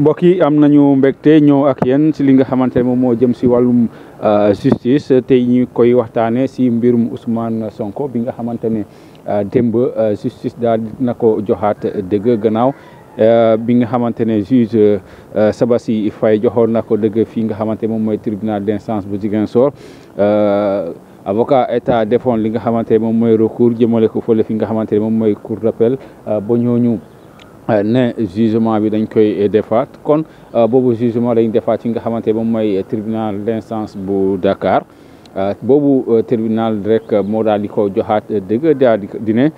mbokk yi am nañu mbégte ñëw ak yéen si li nga xamante ne moom moo jëm si wàllum euh, justice tey ñu koy waxtaanee si mbirum Ousmane Sonko bi nga xamante ne euh, démb euh, justice daal na ko joxaat dëgg gannaaw bi nga xamante ne juge Sabassy Faye joxoon na ko dëgg fii nga xamante moom mooy tribunal d'instance bu Ziguinchor avocat état defoon li nga xamante moom mooy recours jëmale ko fële fi nga xamante ne moom mooy cour d'appel ba ñooñu. Eh, ne jugement bi dañ koy eh, defaat kon eh, boobu jugement dañ defaat ci nga xamante ne moom mooy tribunal d'instance bu Dakar boobu tribunal rek moo daal di ko joxaat dëgg daal di ne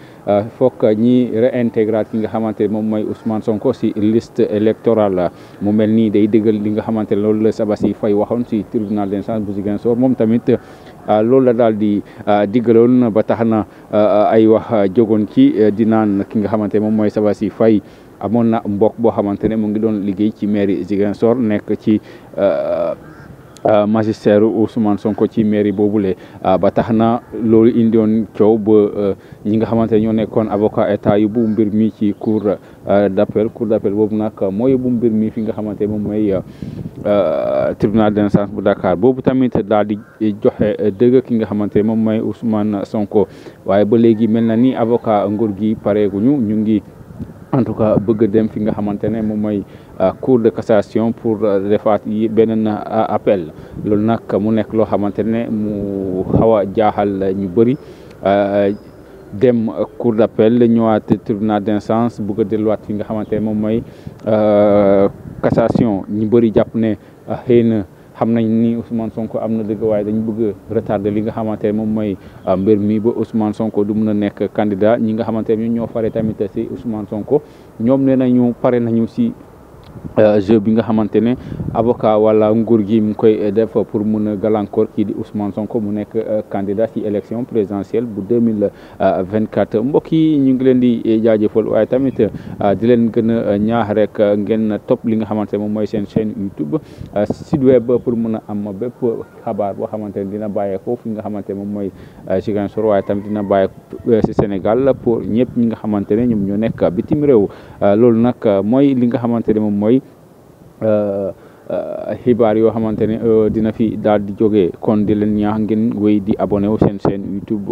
fokk ñi réintégrat ki nga xamante ne moom mooy Ousmane Sonko si liste électorale mu mel nii day dëggal li nga xamante ne loolu la Sabassy Faye waxoon si tribunal d'instance bu Ziguinchor moom tamit loolu la daal di diggaloon ba tax na ay wax jógoon ci di naan ki nga xamante ne moom mooy Sabassy fay amoon na mbokk boo xamante ne mu ngi doon liggéey ci mairie Ziguinchor nekk ci euh, euh, magistère Ousmane Sonko ci mairie boobule euh, ba tax na loolu indiwoon coow ba ñi nga xamante ne ñoo nekkoon avocat état yu bu mbir mi ci cour d'appel cour d'appel boobu nag moo yóbbu mbir mi fi nga xamante moom mooy tribunal d'instance bu Dakar boobu tamit daal di joxe dëgg ki nga xamante moom mooy Ousmane Sonko waaye ba léegi mel na ni avocat nguur gi pareeguñu ñu ngi. en tout cas bëgg dem fi nga xamantene mom moy euh, cour de cassation pour euh, defaat benen euh, appel loolu nak mu nek lo xamantene mu xawa a jaaxal ñu bari dem cour d'appel ñëwaat tribunal d'instance bëgg a delluwaat fi nga xamantene mom moy cassation ñu bari japp ne xëy xam nañ ni Ousmane Sonko am na dëgg waaye dañu bëgg a retardé li nga xamante ne moom um, mooy mbir mi ba Ousmane Sonko du mën a nekk candidat ñi nga xamante ñoo faree tamit si Ousmane Sonko ñoom nee nañu pare nañu si Euh, jeu bi nga xamante ne avocat wala nguur gi mu ngi koy euh, def pour mun a gàllankoor kii di Ousmane Sonko mu nekk euh, candidat ci élection présidentielle bu 2024 mbokk yi ñu ngi leen di jaajëfal waaye tamit di leen gën a ñaax rek ngeen topp li nga xamante ne moom mooy seen chaîne YouTube site web pour mun a am bépp xabaar boo xamante ne dina bàyyeekoo fi nga xamante ne moom mooy Ziguinchor waaye tamit dina bàyyeekoo si Sénégal pour ñëpp ñi nga xamante ne ñoom ñoo nekk bitim réew loolu nag mooy li nga xamante ne moom mooy euh, euh, xibaar yoo xamante ne euh, dina fi dal di jógee kon di len ñaax ngeen wéy di abonné au chaîne YouTube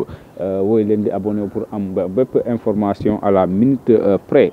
wéy len di abonné pour am bépp information à la minute près